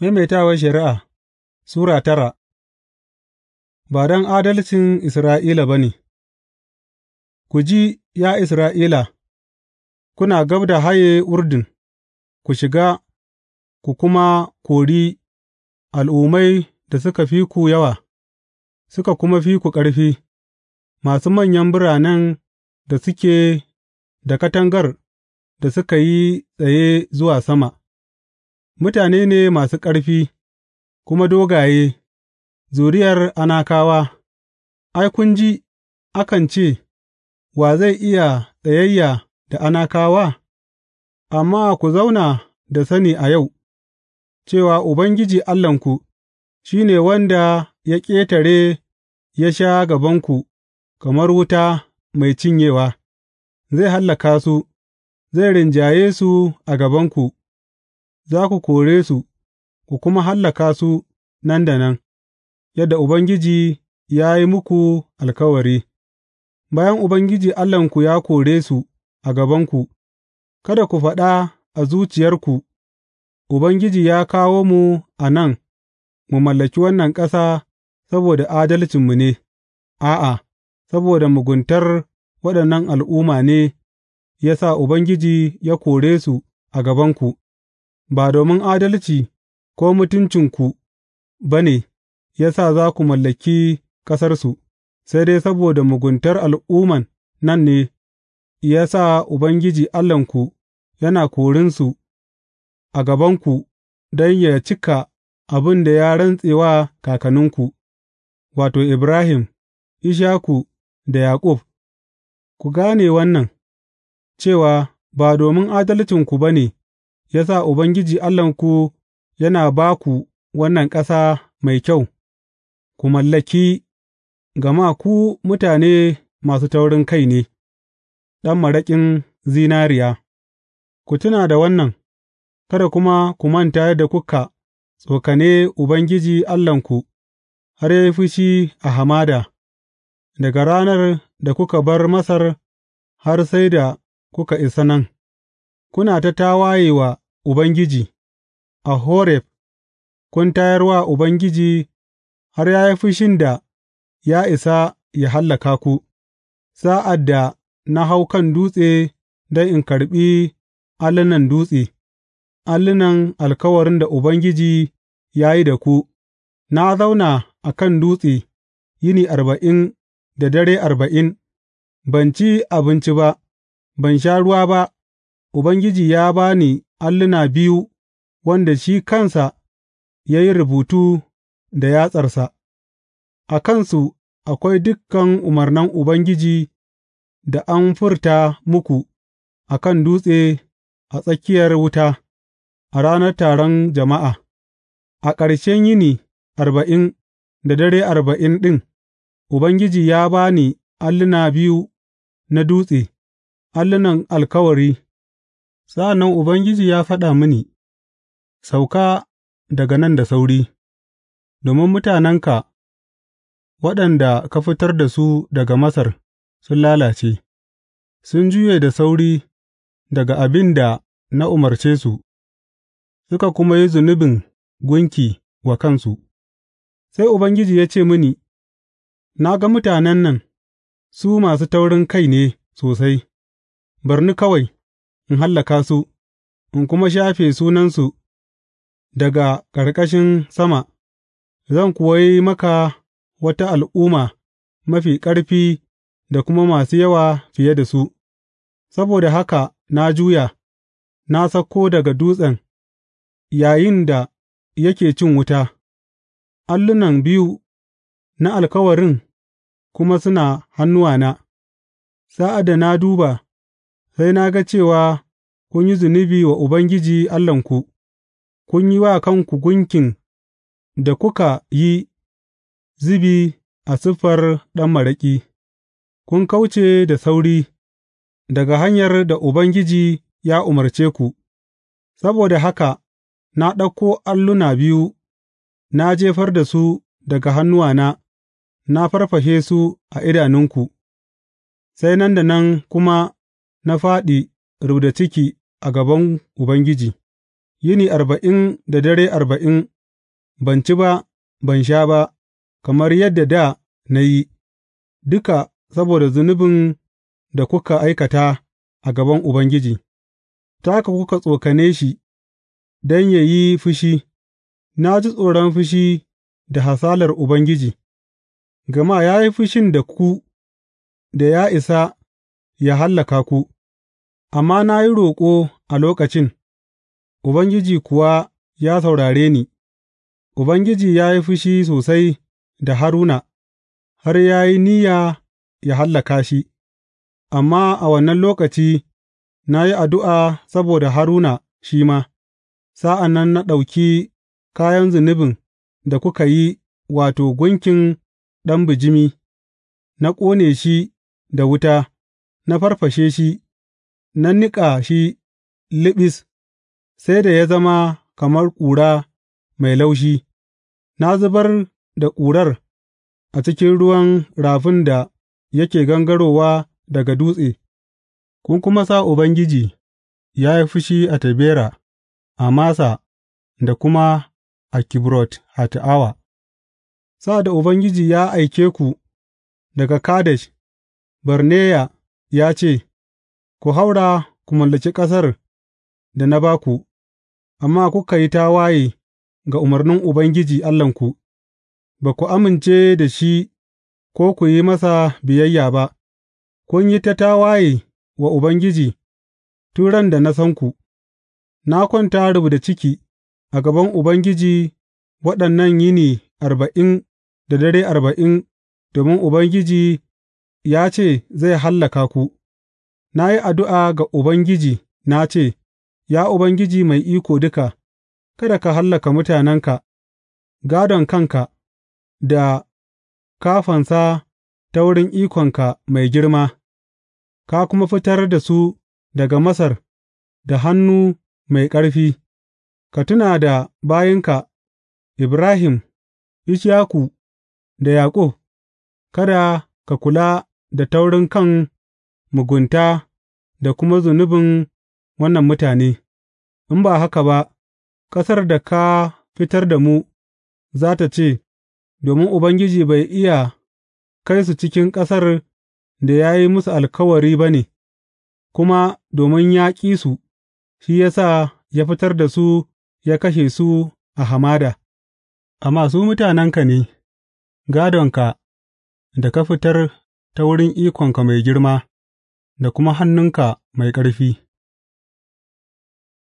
Maimaitawar Shari'a Sura tara Ba don adalcin Isra'ila ba ne Ku ji, ya Isra'ila, kuna gab da haye Urdun, ku shiga, ku kuma kori al'ummai da suka fi ku yawa, suka kuma fi ku ƙarfi, masu manyan biranen da suke da katangar da suka yi tsaye zuwa sama. Mutane ne masu ƙarfi kuma dogaye, zuriyar Anakawa; ai, kun ji akan ce, Wa zai iya tsayayya da Anakawa?’ Amma ku zauna da sani a yau, cewa Ubangiji Allahnku, shi ne wanda ya ƙetare ya sha gabanku kamar wuta mai cinyewa, zai hallaka su, zai rinjaye su a gabanku. za ku kore su ku kuma hallaka su nan da nan, yadda Ubangiji ya yi muku alkawari, bayan Ubangiji Allahnku ya kore su a gabanku, kada ku faɗa a zuciyarku, Ubangiji ya kawo mu a nan, mu mallaki wannan ƙasa saboda adalcinmu ne, a'a, saboda muguntar waɗannan al'umma ne ya sa Ubangiji ya kore su a gabanku. ba domin adalci ko mutuncinku ba ne ya sa za ku mallaki ƙasarsu, sai dai saboda muguntar al'umman nan ne ya sa Ubangiji Allahnku yana korinsu a gabanku don yă cika abin da ya rantse wa kakanninku, wato, Ibrahim, Ishaku da Yaƙub, ku gane wannan, cewa ba domin adalcinku ba ne ya sa Ubangiji Allahnku yana ba ku wannan ƙasa mai kyau, ku mallaki, gama ku mutane masu taurin kai ne, ɗan maraƙin zinariya, ku tuna da wannan, kada kuma ku manta yadda kuka tsokane Ubangiji Allahnku har ya yi fushi a hamada, daga ranar da kuka bar Masar har sai da kuka isa nan, kuna ta tawaye wa Ubangiji A Horeb kun tayar wa Ubangiji har ya yi fushin da ya isa ya hallaka ku, sa'ad da na hau kan dutse don in karɓi allunan dutse, allunan alkawarin da Ubangiji ya yi da ku, na zauna a kan dutse yini arba'in da dare arba'in, ban ci abinci ba, ban sha ruwa ba, Ubangiji ya ba ni alluna biyu wanda shi kansa ya yi rubutu da yatsarsa, a kansu akwai dukan umarnan Ubangiji da an furta muku a kan dutse a tsakiyar wuta a ranar taron jama'a, a ƙarshen yini arba'in da dare arba'in ɗin, Ubangiji ya ba ni alluna biyu na dutse, allunan alkawari. Sa'an nan Ubangiji ya faɗa mini, Sauka daga nan da sauri, domin mutanenka waɗanda ka fitar da su daga Masar sun lalace, sun juye da sauri daga abin da na umarce su, suka kuma yi zunubin gunki wa kansu. Sai Ubangiji ya ce mini, Na ga mutanen nan, su masu taurin kai ne sosai, bar ni kawai. in hallaka su, in kuma shafe sunansu daga ƙarƙashin sama, zan kuwa yi maka wata al'umma mafi ƙarfi da kuma masu yawa fiye da su, saboda haka na juya, na sauko daga dutsen yayin da yake cin wuta, allunan biyu na alkawarin kuma suna hannuwana, sa'ad da na duba. sai na ga cewa kun yi zunubi wa Ubangiji Allahnku, kun yi wa kanku gunkin da kuka yi zubi a siffar ɗan maraƙi, kun kauce da sauri daga hanyar da Ubangiji ya umarce ku, saboda haka na ɗauko alluna biyu, na jefar da su daga hannuwana, na farfashe su a idanunku, sai nan da nan kuma na fāɗi rubda ciki a gaban Ubangiji, yini arba'in da dare arba'in, ban ci ba, ban sha ba, kamar yadda da na yi, duka saboda zunubin da kuka aikata a gaban Ubangiji, ta haka kuka tsokane shi don yă yi fushi, na ji tsoron fushi da hasalar Ubangiji, gama ya yi fushin da ku da ya isa ya hallaka ku. Amma na yi roƙo a lokacin, Ubangiji kuwa ya saurare ni; Ubangiji ya yi fushi sosai da Haruna har ya yi niyya ya hallaka shi, amma a wannan lokaci na yi addu'a saboda Haruna shi ma, sa'an nan na ɗauki kayan zunubin da kuka yi wato, gunkin ɗan bijimi, na ƙone shi da wuta, na farfashe shi. na niƙa shi liɓis sai da ya zama kamar ƙura mai laushi, na zubar da ƙurar a cikin ruwan rafin da yake gangarowa daga dutse, kun kuma sa Ubangiji ya yi fushi a Tabera, a Masa da kuma a Kibrot Hatta'awa. Sa da Ubangiji ya aike ku daga Kadesh, Barneya ya ce, Ku haura ku mallaki ƙasar da na ba ku, amma kuka yi tawaye ga umarnin Ubangiji Allahnku, ba ku amince da shi ko ku yi masa biyayya ba, kun yi ta tawaye wa Ubangiji tun ran da na san ku, na kwanta rubda ciki a gaban Ubangiji waɗannan yini arba'in da dare arba'in domin Ubangiji ya ce zai hallaka ku. Na yi addu'a ga Ubangiji na ce, Ya Ubangiji Mai Iko Duka, kada ka hallaka mutanenka, gādon kanka, da kafansa fansa ta wurin ikonka mai girma, ka kuma fitar da su daga Masar da hannu mai ƙarfi, ka tuna da bayinka Ibrahim, Ishaku da Yaƙub, kada ka kula da taurin kan. mugunta da kuma zunubin wannan mutane, in ba haka ba, ƙasar da ka fitar da mu za tă ce, Domin Ubangiji bai iya kai su cikin ƙasar da ya yi musu alkawari ba ne, kuma domin ya ƙi su, shi ya sa ya fitar da su ya kashe su a hamada, amma su mutanenka ne, gādonka da ka fitar ta wurin ikonka mai girma. da kuma hannunka mai ƙarfi.